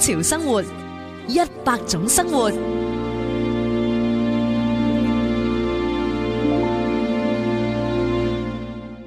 潮生活，一百種生活。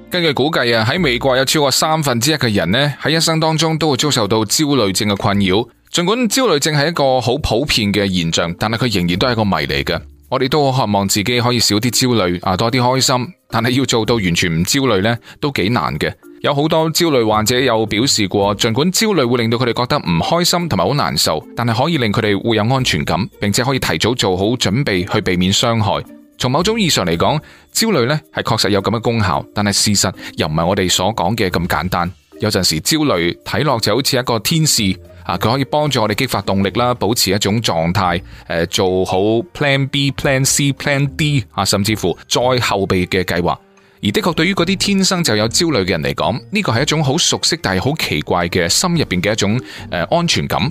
根據估計啊，喺美國有超過三分之一嘅人呢，喺一生當中都會遭受到焦慮症嘅困擾。盡管焦慮症係一個好普遍嘅現象，但係佢仍然都係一個謎嚟嘅。我哋都好渴望自己可以少啲焦慮啊，多啲開心。但係要做到完全唔焦慮咧，都幾難嘅。有好多焦慮患者有表示過，儘管焦慮會令到佢哋覺得唔開心同埋好難受，但係可以令佢哋會有安全感，並且可以提早做好準備去避免傷害。從某種意義上嚟講，焦慮呢係確實有咁嘅功效，但係事實又唔係我哋所講嘅咁簡單。有陣時焦慮睇落就好似一個天使啊，佢可以幫助我哋激發動力啦，保持一種狀態，誒做好 Plan B、Plan C、Plan D 啊，甚至乎再後備嘅計劃。而的確，對於嗰啲天生就有焦慮嘅人嚟講，呢個係一種好熟悉但係好奇怪嘅心入邊嘅一種誒、呃、安全感。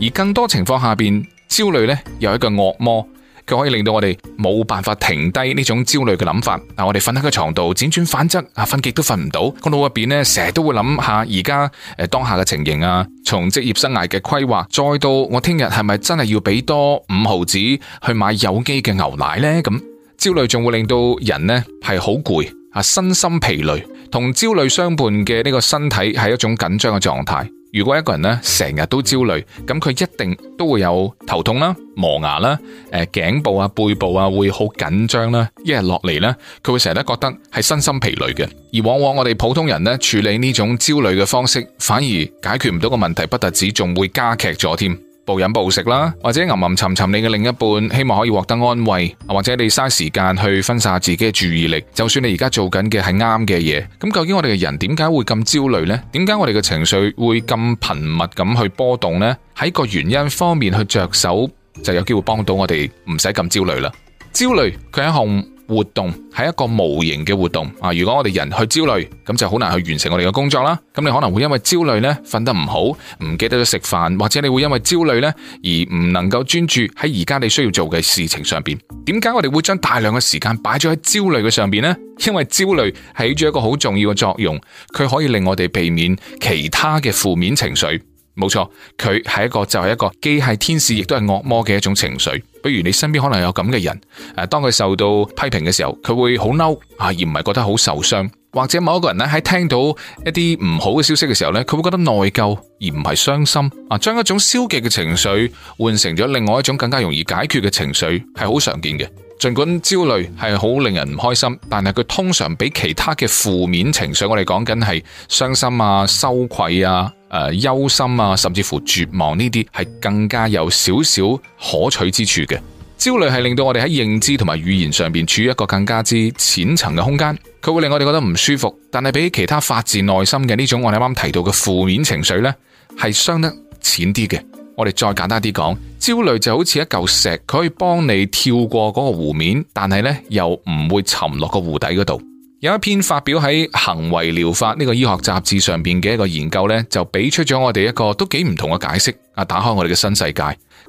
而更多情況下邊焦慮呢又係一個惡魔，佢可以令到我哋冇辦法停低呢種焦慮嘅諗法。嗱、啊，我哋瞓喺個床度輾轉反側啊，瞓極都瞓唔到，個腦入邊呢，成日都會諗下而家誒當下嘅情形啊，從職業生涯嘅規劃，再到我聽日係咪真係要俾多五毫子去買有機嘅牛奶呢，咁焦慮仲會令到人呢係好攰。身心疲累同焦慮相伴嘅呢個身體係一種緊張嘅狀態。如果一個人咧成日都焦慮，咁佢一定都會有頭痛啦、磨牙啦、誒、呃、頸部啊、背部啊會好緊張啦。一日落嚟呢，佢會成日都覺得係身心疲累嘅。而往往我哋普通人咧處理呢種焦慮嘅方式，反而解決唔到個問題，不特止仲會加劇咗添。暴飲暴食啦，或者吟吟沉沉，你嘅另一半希望可以獲得安慰，或者你嘥時間去分散自己嘅注意力。就算你而家做緊嘅係啱嘅嘢，咁究竟我哋嘅人點解會咁焦慮呢？點解我哋嘅情緒會咁頻密咁去波動呢？喺個原因方面去着手，就有機會幫到我哋唔使咁焦慮啦。焦慮佢係一項。活動係一個無形嘅活動啊！如果我哋人去焦慮，咁就好難去完成我哋嘅工作啦。咁你可能會因為焦慮呢瞓得唔好，唔記得咗食飯，或者你會因為焦慮呢而唔能夠專注喺而家你需要做嘅事情上邊。點解我哋會將大量嘅時間擺咗喺焦慮嘅上邊呢？因為焦慮起住一個好重要嘅作用，佢可以令我哋避免其他嘅負面情緒。冇錯，佢係一個就係一個既係天使亦都係惡魔嘅一種情緒。比如你身邊可能有咁嘅人，誒，當佢受到批評嘅時候，佢會好嬲啊，而唔係覺得好受傷；或者某一個人咧喺聽到一啲唔好嘅消息嘅時候咧，佢會覺得內疚而唔係傷心啊，將一種消極嘅情緒換成咗另外一種更加容易解決嘅情緒，係好常見嘅。盡管焦慮係好令人唔開心，但係佢通常比其他嘅負面情緒，我哋講緊係傷心啊、羞愧啊。誒，憂心啊，甚至乎絕望呢啲係更加有少少可取之處嘅。焦慮係令到我哋喺認知同埋語言上邊處於一個更加之淺層嘅空間，佢會令我哋覺得唔舒服，但係比其他發自內心嘅呢種我哋啱啱提到嘅負面情緒呢，係傷得淺啲嘅。我哋再簡單啲講，焦慮就好似一嚿石，佢可以幫你跳過嗰個湖面，但係呢又唔會沉落個湖底嗰度。有一篇發表喺行為療法呢個醫學雜誌上邊嘅一個研究呢，就俾出咗我哋一個都幾唔同嘅解釋。啊，打開我哋嘅新世界。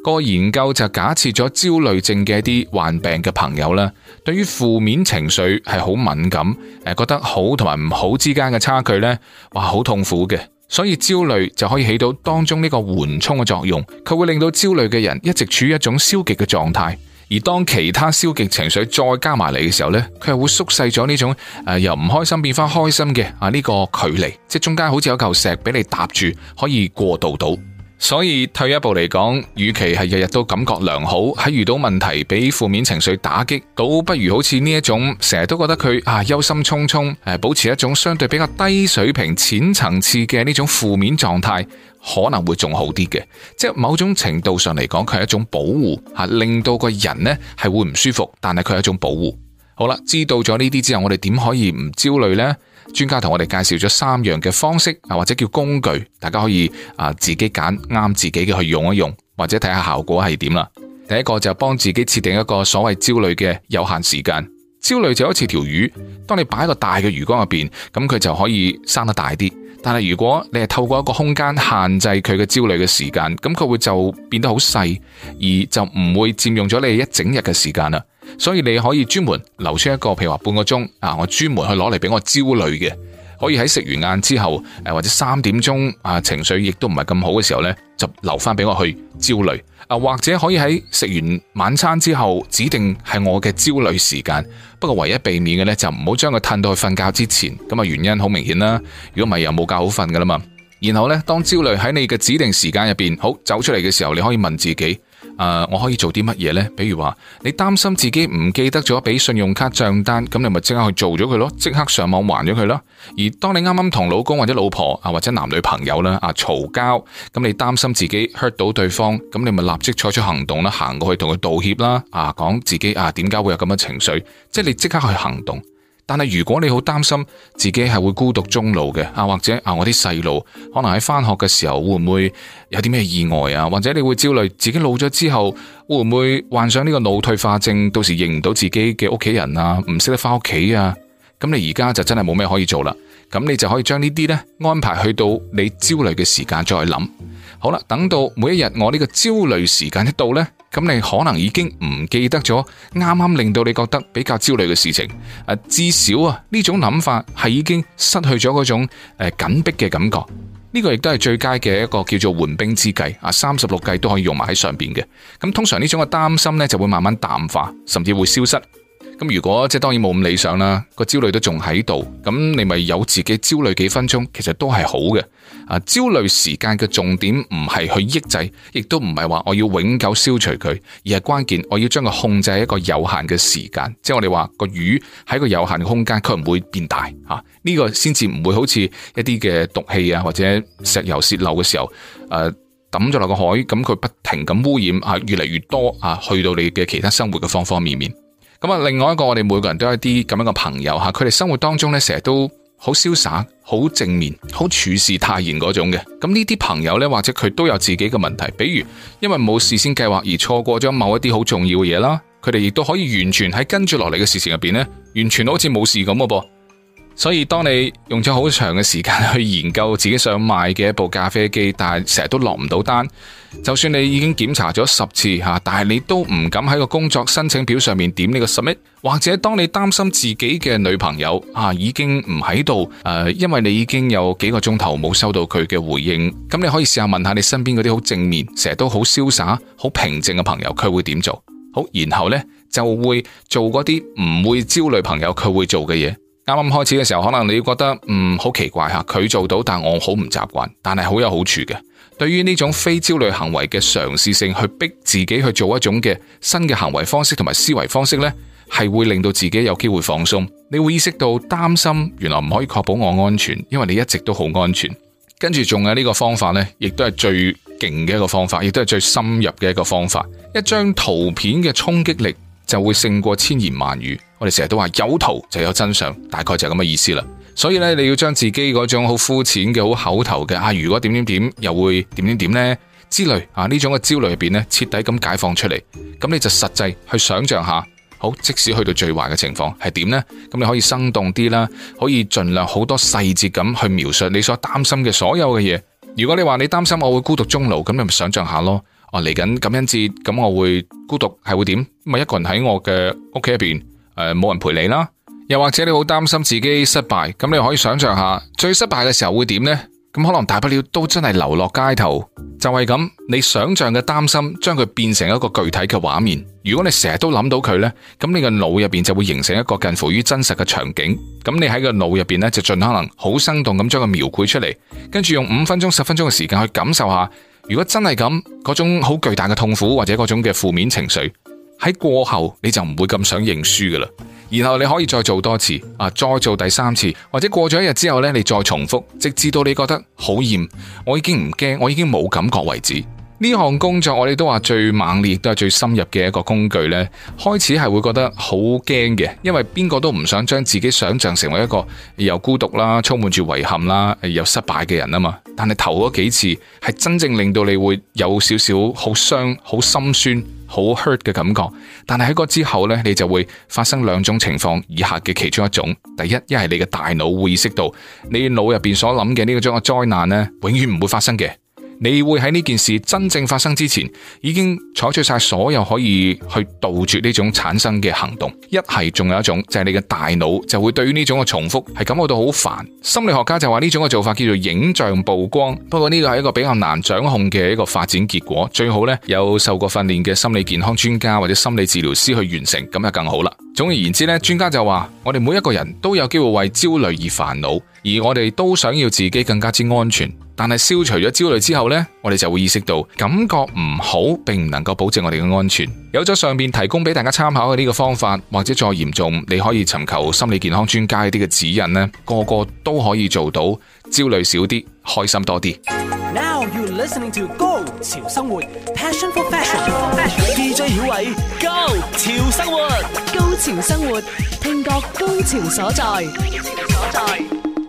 個研究就假設咗焦慮症嘅一啲患病嘅朋友啦，對於負面情緒係好敏感，誒，覺得好同埋唔好之間嘅差距呢，哇，好痛苦嘅。所以焦慮就可以起到當中呢個緩衝嘅作用，佢會令到焦慮嘅人一直處於一種消極嘅狀態。而當其他消極情緒再加埋嚟嘅時候咧，佢係會縮細咗呢種、呃、由唔開心變翻開心嘅啊呢、呢個距離，即係中間好似有嚿石畀你搭住，可以過渡到。所以退一步嚟講，與其係日日都感覺良好，喺遇到問題俾負面情緒打擊，倒不如好似呢一種成日都覺得佢啊憂心忡忡，誒保持一種相對比較低水平淺層次嘅呢種負面狀態，可能會仲好啲嘅。即係某種程度上嚟講，佢係一種保護吓，令到個人呢係會唔舒服，但係佢係一種保護。好啦，知道咗呢啲之後，我哋點可以唔焦慮呢？專家同我哋介紹咗三樣嘅方式啊，或者叫工具，大家可以啊自己揀啱自己嘅去用一用，或者睇下效果係點啦。第一個就幫自己設定一個所謂焦慮嘅有限時間。焦慮就好似條魚，當你擺喺個大嘅魚缸入邊，咁佢就可以生得大啲。但係如果你係透過一個空間限制佢嘅焦慮嘅時間，咁佢會就變得好細，而就唔會佔用咗你一整日嘅時間啦。所以你可以專門留出一個，譬如話半個鐘啊，我專門去攞嚟俾我焦慮嘅，可以喺食完晏之後，誒或者三點鐘啊，情緒亦都唔係咁好嘅時候呢，就留翻俾我去焦慮啊，或者可以喺食完晚餐之後，指定係我嘅焦慮時間。不過唯一避免嘅呢，就唔好將佢褪到去瞓覺之前。咁啊原因好明顯啦，如果唔係又冇覺好瞓噶啦嘛。然後呢，當焦慮喺你嘅指定時間入邊，好走出嚟嘅時候，你可以問自己。誒，uh, 我可以做啲乜嘢呢？比如話你擔心自己唔記得咗俾信用卡賬單，咁你咪即刻去做咗佢咯，即刻上網還咗佢咯。而當你啱啱同老公或者老婆啊或者男女朋友啦啊，嘈交，咁你擔心自己 hurt 到對方，咁你咪立即採取行動啦，行過去同佢道歉啦，啊講自己啊點解會有咁嘅情緒，即係你即刻去行動。但係如果你好擔心自己係會孤獨終老嘅啊，或者啊我啲細路可能喺翻學嘅時候會唔會有啲咩意外啊，或者你會焦慮自己老咗之後會唔會患上呢個腦退化症，到時認唔到自己嘅屋企人啊，唔識得翻屋企啊，咁你而家就真係冇咩可以做啦，咁你就可以將呢啲呢安排去到你焦慮嘅時間再去諗。好啦，等到每一日我呢個焦慮時間一到呢，咁你可能已經唔記得咗啱啱令到你覺得比較焦慮嘅事情，誒至少啊呢種諗法係已經失去咗嗰種誒、呃、緊迫嘅感覺，呢、呢個亦都係最佳嘅一個叫做緩兵之計，啊三十六計都可以用埋喺上邊嘅，咁、啊、通常呢種嘅擔心咧就會慢慢淡化，甚至會消失。咁如果即係，當然冇咁理想啦。個焦慮都仲喺度，咁你咪有自己焦慮幾分鐘，其實都係好嘅。啊，焦慮時間嘅重點唔係去抑制，亦都唔係話我要永久消除佢，而係關鍵我要將佢控制喺一個有限嘅時間。即係我哋話個魚喺個有限嘅空間，佢唔會變大吓，呢個先至唔會好似一啲嘅毒氣啊，或者石油泄漏嘅時候誒抌咗落個海，咁佢不停咁污染啊，越嚟越多啊，去到你嘅其他生活嘅方方面面。咁啊，另外一個我哋每個人都有啲咁樣嘅朋友吓，佢哋生活當中咧成日都好瀟灑、好正面、好處事泰然嗰種嘅。咁呢啲朋友咧，或者佢都有自己嘅問題，比如因為冇事先計劃而錯過咗某一啲好重要嘅嘢啦。佢哋亦都可以完全喺跟住落嚟嘅事情入邊咧，完全好似冇事咁嘅噃。所以，當你用咗好長嘅時間去研究自己想買嘅一部咖啡機，但係成日都落唔到單，就算你已經檢查咗十次吓，但係你都唔敢喺個工作申請表上面點呢個 submit。或者，當你擔心自己嘅女朋友啊，已經唔喺度誒，因為你已經有幾個鐘頭冇收到佢嘅回應，咁你可以試下問下你身邊嗰啲好正面、成日都好瀟灑、好平靜嘅朋友，佢會點做好？然後呢，就會做嗰啲唔會焦慮朋友佢會做嘅嘢。啱啱開始嘅時候，可能你會覺得嗯，好奇怪吓，佢做到，但我好唔習慣。但係好有好處嘅，對於呢種非焦慮行為嘅嘗試性，去逼自己去做一種嘅新嘅行為方式同埋思維方式呢，係會令到自己有機會放鬆。你會意識到擔心，原來唔可以確保我安全，因為你一直都好安全。跟住仲有呢個方法呢亦都係最勁嘅一個方法，亦都係最深入嘅一個方法。一張圖片嘅衝擊力，就會勝過千言萬語。我哋成日都話有圖就有真相，大概就係咁嘅意思啦。所以咧，你要將自己嗰種好膚淺嘅、好口頭嘅啊，如果點點點又會點點點呢之類啊呢種嘅焦慮入邊呢，徹底咁解放出嚟。咁你就實際去想象下，好，即使去到最壞嘅情況係點呢？咁你可以生動啲啦，可以盡量好多細節咁去描述你所擔心嘅所有嘅嘢。如果你話你擔心我會孤獨終老，咁你咪想象下咯。哦，嚟緊感恩節，咁我會孤獨係會點？咪一個人喺我嘅屋企入邊，誒、呃，冇人陪你啦。又或者你好擔心自己失敗，咁你可以想象下，最失敗嘅時候會點呢？咁可能大不了都真係流落街頭。就係、是、咁，你想象嘅擔心，將佢變成一個具體嘅畫面。如果你成日都諗到佢呢，咁你個腦入邊就會形成一個近乎於真實嘅場景。咁你喺個腦入邊呢，就盡可能好生動咁將佢描繪出嚟，跟住用五分鐘、十分鐘嘅時間去感受下。如果真係咁，嗰種好巨大嘅痛苦或者嗰種嘅負面情緒喺，過後你就唔會咁想認輸㗎喇。然後你可以再做多次，啊，再做第三次，或者過咗一日之後咧，你再重複，直至到你覺得好厭，我已經唔驚，我已經冇感覺為止。呢項工作我哋都話最猛烈，都係最深入嘅一個工具呢。開始係會覺得好驚嘅，因為邊個都唔想將自己想象成為一個又孤獨啦、充滿住遺憾啦、又失敗嘅人啊嘛。但係頭嗰幾次係真正令到你會有少少好傷、好心酸、好 hurt 嘅感覺。但係喺個之後呢，你就會發生兩種情況以下嘅其中一種：第一，一係你嘅大腦會意識到你腦入邊所諗嘅呢個將個災難咧，永遠唔會發生嘅。你會喺呢件事真正發生之前，已經採取晒所有可以去杜絕呢種產生嘅行動。一係仲有一種，就係你嘅大腦就會對於呢種嘅重複係感覺到好煩。心理學家就話，呢種嘅做法叫做影像曝光，不過呢個係一個比較難掌控嘅一個發展結果。最好呢，有受過訓練嘅心理健康專家或者心理治療師去完成，咁就更好啦。總而言之，呢專家就話，我哋每一個人都有機會為焦慮而煩惱，而我哋都想要自己更加之安全。但係消除咗焦慮之後呢，我哋就會意識到感覺唔好，並唔能夠保證我哋嘅安全。有咗上面提供俾大家參考嘅呢個方法，或者再嚴重，你可以尋求心理健康專家啲嘅指引呢，個個都可以做到，焦慮少啲，開心多啲。Now you listening to 高潮生活，Passion for Fashion，DJ 曉偉，高潮，高潮生活，高潮生活，聽覺高潮所在。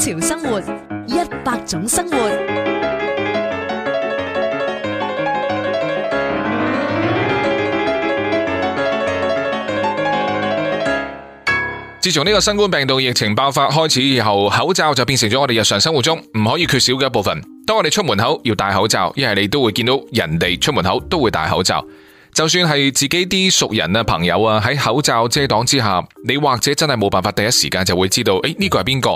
潮生活，一百種生活。自從呢個新冠病毒疫情爆發開始以後，口罩就變成咗我哋日常生活中唔可以缺少嘅一部分。當我哋出門口要戴口罩，一係你都會見到人哋出門口都會戴口罩。就算係自己啲熟人啊、朋友啊，喺口罩遮擋之下，你或者真係冇辦法第一時間就會知道誒呢個係邊個？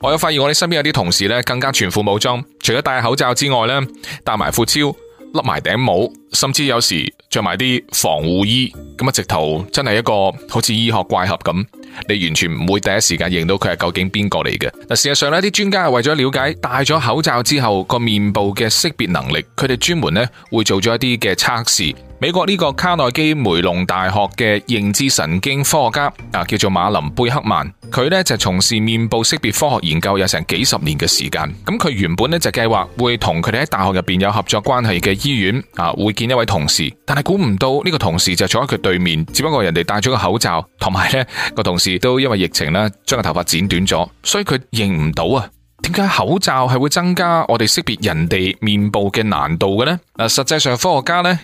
我有發現我哋身邊有啲同事咧，更加全副武裝，除咗戴口罩之外咧，戴埋護超、笠埋頂帽，甚至有時着埋啲防護衣，咁啊直頭真係一個好似醫學怪俠咁，你完全唔會第一時間認到佢係究竟邊個嚟嘅。事實上呢，啲專家係為咗了解戴咗口罩之後個面部嘅識別能力，佢哋專門咧會做咗一啲嘅測試。美國呢個卡內基梅隆大學嘅認知神經科學家啊，叫做馬林貝克曼，佢呢就從事面部識別科學研究有成幾十年嘅時間。咁佢原本呢就計劃會同佢哋喺大學入邊有合作關係嘅醫院啊會見一位同事，但係估唔到呢個同事就坐喺佢對面，只不過人哋戴咗個口罩，同埋呢個同事都因為疫情呢將個頭髮剪短咗，所以佢認唔到啊。點解口罩係會增加我哋識別人哋面部嘅難度嘅呢？嗱，實際上科學家呢。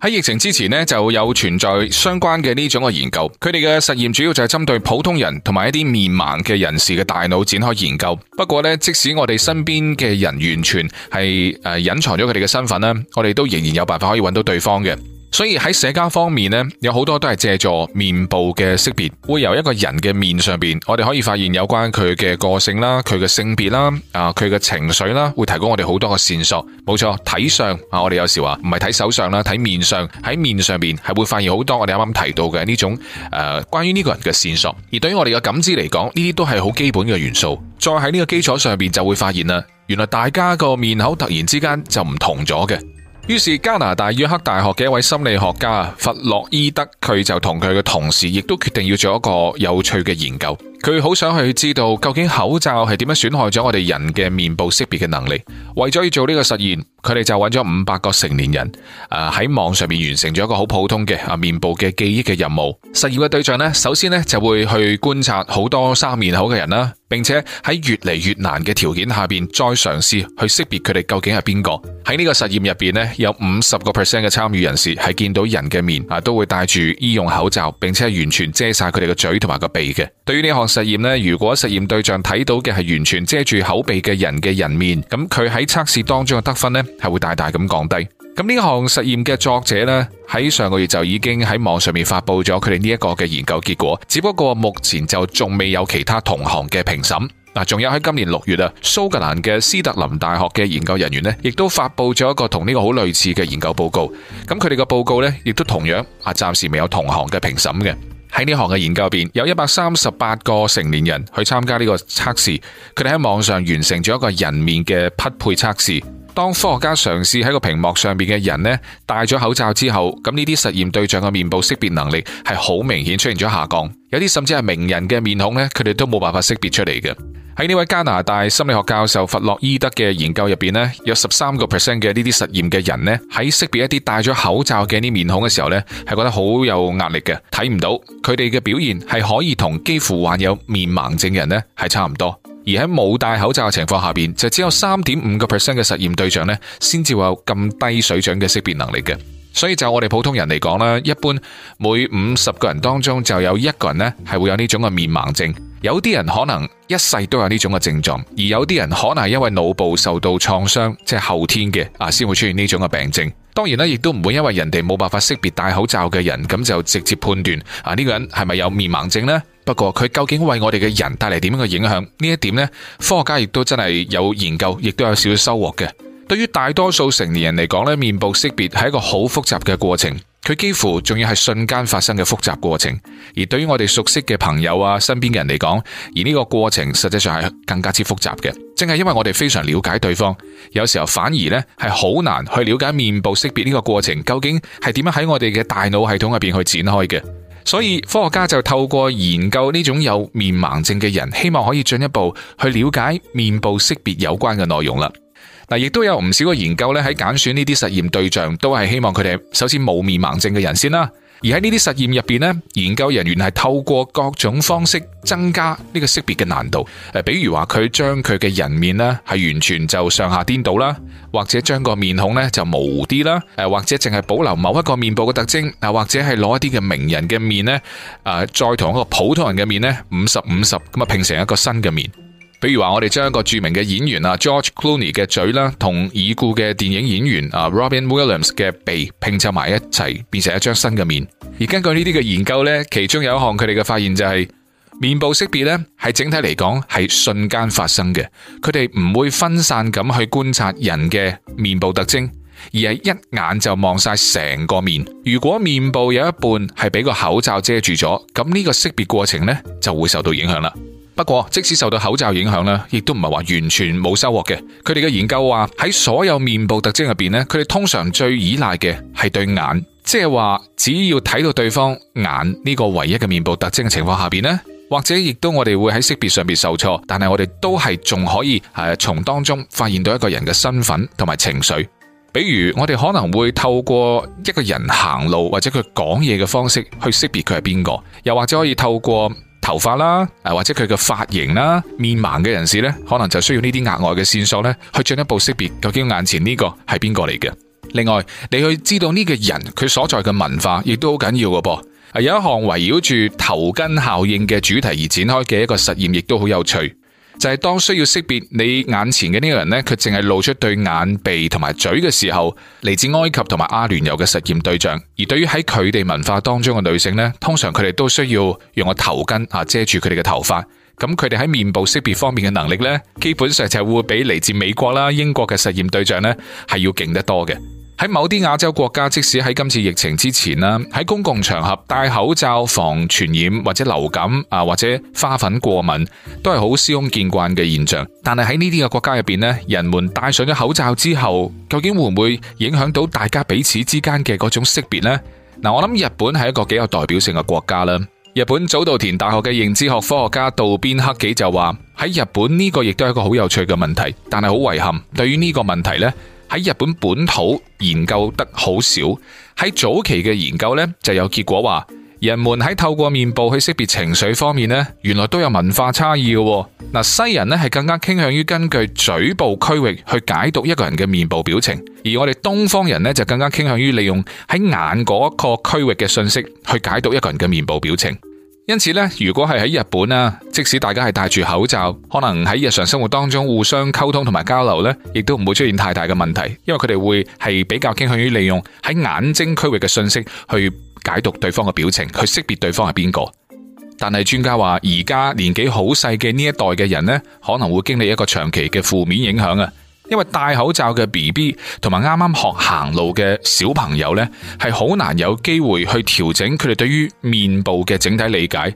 喺疫情之前呢，就有存在相關嘅呢種嘅研究。佢哋嘅實驗主要就係針對普通人同埋一啲面盲嘅人士嘅大腦展開研究。不過呢，即使我哋身邊嘅人完全係誒隱藏咗佢哋嘅身份呢，我哋都仍然有辦法可以揾到對方嘅。所以喺社交方面呢，有好多都係借助面部嘅識別，會由一個人嘅面上邊，我哋可以發現有關佢嘅個性啦、佢嘅性別啦、啊佢嘅情緒啦，會提供我哋好多嘅線索。冇錯，睇相，啊，我哋有時話唔係睇手上啦，睇面上，喺面上邊係會發現好多我哋啱啱提到嘅呢種誒、呃，關於呢個人嘅線索。而對於我哋嘅感知嚟講，呢啲都係好基本嘅元素。再喺呢個基礎上邊，就會發現啦，原來大家個面口突然之間就唔同咗嘅。於是加拿大約克大學嘅一位心理學家弗洛伊德，佢就同佢嘅同事，亦都決定要做一個有趣嘅研究。佢好想去知道究竟口罩係點樣損害咗我哋人嘅面部識別嘅能力。為咗要做呢個實驗，佢哋就揾咗五百個成年人，誒喺網上面完成咗一個好普通嘅啊面部嘅記憶嘅任務。實驗嘅對象咧，首先咧就會去觀察好多生面口嘅人啦，並且喺越嚟越難嘅條件下邊再嘗試去識別佢哋究竟係邊個。喺呢個實驗入邊咧，有五十個 percent 嘅參與人士係見到人嘅面啊，都會戴住醫用口罩，並且係完全遮晒佢哋嘅嘴同埋個鼻嘅。對於呢項。實驗咧，如果實驗對象睇到嘅係完全遮住口鼻嘅人嘅人面，咁佢喺測試當中嘅得分呢係會大大咁降低。咁呢一項實驗嘅作者呢，喺上個月就已經喺網上面發佈咗佢哋呢一個嘅研究結果，只不過目前就仲未有其他同行嘅評審。嗱，仲有喺今年六月啊，蘇格蘭嘅斯特林大學嘅研究人員呢，亦都發佈咗一個同呢個好類似嘅研究報告。咁佢哋嘅報告呢，亦都同樣啊，暫時未有同行嘅評審嘅。喺呢行嘅研究入面，有一百三十八個成年人去參加呢個測試，佢哋喺網上完成咗一個人面嘅匹配測試。當科學家嘗試喺個屏幕上面嘅人呢戴咗口罩之後，咁呢啲實驗對象嘅面部識別能力係好明顯出現咗下降，有啲甚至係名人嘅面孔呢，佢哋都冇辦法識別出嚟嘅。喺呢位加拿大心理學教授弗洛伊德嘅研究入邊呢，有十三個 percent 嘅呢啲實驗嘅人呢喺識別一啲戴咗口罩嘅呢啲面孔嘅時候呢，係覺得好有壓力嘅，睇唔到佢哋嘅表現係可以同幾乎患有面盲症人呢係差唔多。而喺冇戴口罩嘅情況下邊，就只有三點五個 percent 嘅實驗對象咧，先至會有咁低水準嘅識別能力嘅。所以就我哋普通人嚟講啦，一般每五十個人當中就有一個人咧係會有呢種嘅面盲症。有啲人可能一世都有呢種嘅症狀，而有啲人可能係因為腦部受到創傷，即係後天嘅啊，先會出現呢種嘅病症。當然咧，亦都唔會因為人哋冇辦法識別戴口罩嘅人，咁就直接判斷啊呢個人係咪有面盲症呢？不過佢究竟為我哋嘅人帶嚟點樣嘅影響呢？一點呢，科學家亦都真係有研究，亦都有少少收穫嘅。對於大多數成年人嚟講呢，面部識別係一個好複雜嘅過程。佢幾乎仲要係瞬間發生嘅複雜過程，而對於我哋熟悉嘅朋友啊，身邊嘅人嚟講，而呢個過程實際上係更加之複雜嘅。正係因為我哋非常了解對方，有時候反而呢係好難去了解面部識別呢個過程究竟係點樣喺我哋嘅大腦系統入邊去展開嘅。所以科學家就透過研究呢種有面盲症嘅人，希望可以進一步去了解面部識別有關嘅內容啦。嗱，亦都有唔少嘅研究咧，喺揀選呢啲實驗對象，都係希望佢哋首先冇面盲症嘅人先啦。而喺呢啲實驗入邊呢，研究人員係透過各種方式增加呢個識別嘅難度。誒，比如話佢將佢嘅人面呢係完全就上下顛倒啦，或者將個面孔呢就模糊啲啦，誒，或者淨係保留某一個面部嘅特徵，啊，或者係攞一啲嘅名人嘅面呢，誒，再同一個普通人嘅面呢，五十五十咁啊拼成一個新嘅面。比如話，我哋將一個著名嘅演員啊，George Clooney 嘅嘴啦，同已故嘅電影演員啊，Robin Williams 嘅鼻拼湊埋一齊，變成一張新嘅面。而根據呢啲嘅研究咧，其中有一項佢哋嘅發現就係、是、面部識別咧，係整體嚟講係瞬間發生嘅。佢哋唔會分散咁去觀察人嘅面部特徵，而係一眼就望晒成個面。如果面部有一半係俾個口罩遮住咗，咁呢個識別過程咧就會受到影響啦。不過，即使受到口罩影響呢亦都唔係話完全冇收穫嘅。佢哋嘅研究話喺所有面部特徵入邊呢佢哋通常最依賴嘅係對眼，即係話只要睇到對方眼呢個唯一嘅面部特徵嘅情況下邊呢或者亦都我哋會喺識別上邊受挫，但係我哋都係仲可以誒從當中發現到一個人嘅身份同埋情緒。比如我哋可能會透過一個人行路或者佢講嘢嘅方式去識別佢係邊個，又或者可以透過。頭髮啦，誒或者佢嘅髮型啦，面盲嘅人士呢，可能就需要呢啲額外嘅線索呢，去進一步識別究竟眼前呢個係邊個嚟嘅。另外，你去知道呢個人佢所在嘅文化，亦都好緊要嘅噃。有一項圍繞住頭巾效應嘅主題而展開嘅一個實驗，亦都好有趣。就係當需要識別你眼前嘅呢個人咧，佢淨係露出對眼、鼻同埋嘴嘅時候，嚟自埃及同埋阿聯酋嘅實驗對象，而對於喺佢哋文化當中嘅女性咧，通常佢哋都需要用個頭巾啊遮住佢哋嘅頭髮。咁佢哋喺面部識別方面嘅能力咧，基本上就係會比嚟自美國啦、英國嘅實驗對象咧係要勁得多嘅。喺某啲亞洲國家，即使喺今次疫情之前啦，喺公共場合戴口罩防傳染或者流感啊，或者花粉過敏，都係好司空見慣嘅現象。但係喺呢啲嘅國家入邊呢，人們戴上咗口罩之後，究竟會唔會影響到大家彼此之間嘅嗰種識別呢？嗱，我諗日本係一個幾有代表性嘅國家啦。日本早稻田大學嘅認知學科學家渡邊克己就話：喺日本呢個亦都係一個好有趣嘅問題，但係好遺憾，對於呢個問題呢。喺日本本土研究得好少，喺早期嘅研究呢就有結果話，人們喺透過面部去識別情緒方面呢，原來都有文化差異嘅喎，嗱，西人呢，係更加傾向於根據嘴部區域去解讀一個人嘅面部表情，而我哋東方人呢，就更加傾向於利用喺眼嗰個區域嘅信息去解讀一個人嘅面部表情。因此咧，如果係喺日本啊，即使大家係戴住口罩，可能喺日常生活當中互相溝通同埋交流咧，亦都唔會出現太大嘅問題，因為佢哋會係比較傾向於利用喺眼睛區域嘅信息去解讀對方嘅表情，去識別對方係邊個。但係專家話，而家年紀好細嘅呢一代嘅人咧，可能會經歷一個長期嘅負面影響啊。因為戴口罩嘅 BB 同埋啱啱學行路嘅小朋友呢，係好難有機會去調整佢哋對於面部嘅整體理解。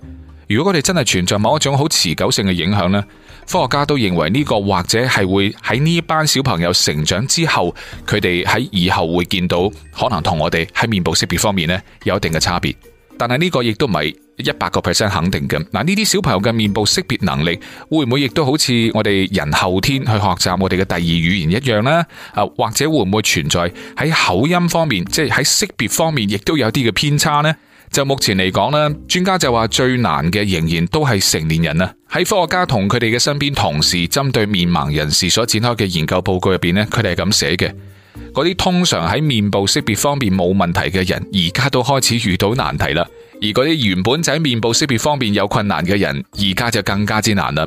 如果佢哋真係存在某一種好持久性嘅影響呢，科學家都認為呢個或者係會喺呢班小朋友成長之後，佢哋喺以後會見到可能同我哋喺面部識別方面呢有一定嘅差別。但係呢個亦都唔係。一百個 percent 肯定嘅，嗱，呢啲小朋友嘅面部識別能力會唔會亦都好似我哋人後天去學習我哋嘅第二語言一樣呢？啊，或者會唔會存在喺口音方面，即係喺識別方面亦都有啲嘅偏差呢？就目前嚟講呢，專家就話最難嘅仍然都係成年人啦。喺科學家同佢哋嘅身邊同事針對面盲人士所展開嘅研究報告入邊呢，佢哋係咁寫嘅：嗰啲通常喺面部識別方面冇問題嘅人，而家都開始遇到難題啦。而嗰啲原本就喺面部識別方面有困難嘅人，而家就更加之難啦。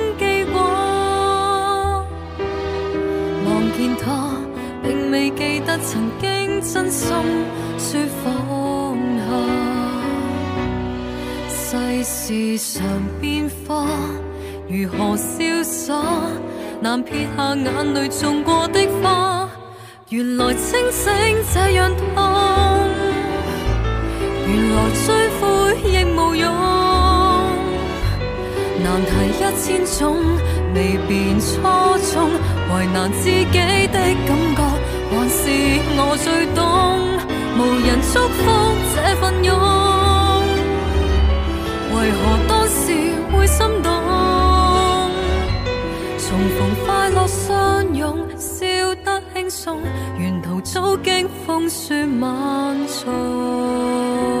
他並未記得曾經真心説放下，世事常變化，如何瀟灑？難撇下眼淚種過的花。原來清醒這樣痛，原來追悔亦無用，難題一千種。未變初衷，為難自己的感覺，還是我最懂。無人祝福這份勇，為何當時會心動？重逢快樂相擁，笑得輕鬆，沿途早經風雪萬重。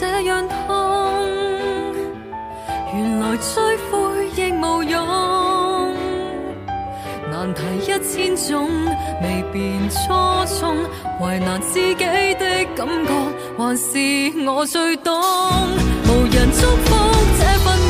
這樣痛，原來追悔亦無用。難題一千種，未變初衷。為難自己的感覺，還是我最懂。無人祝福這份。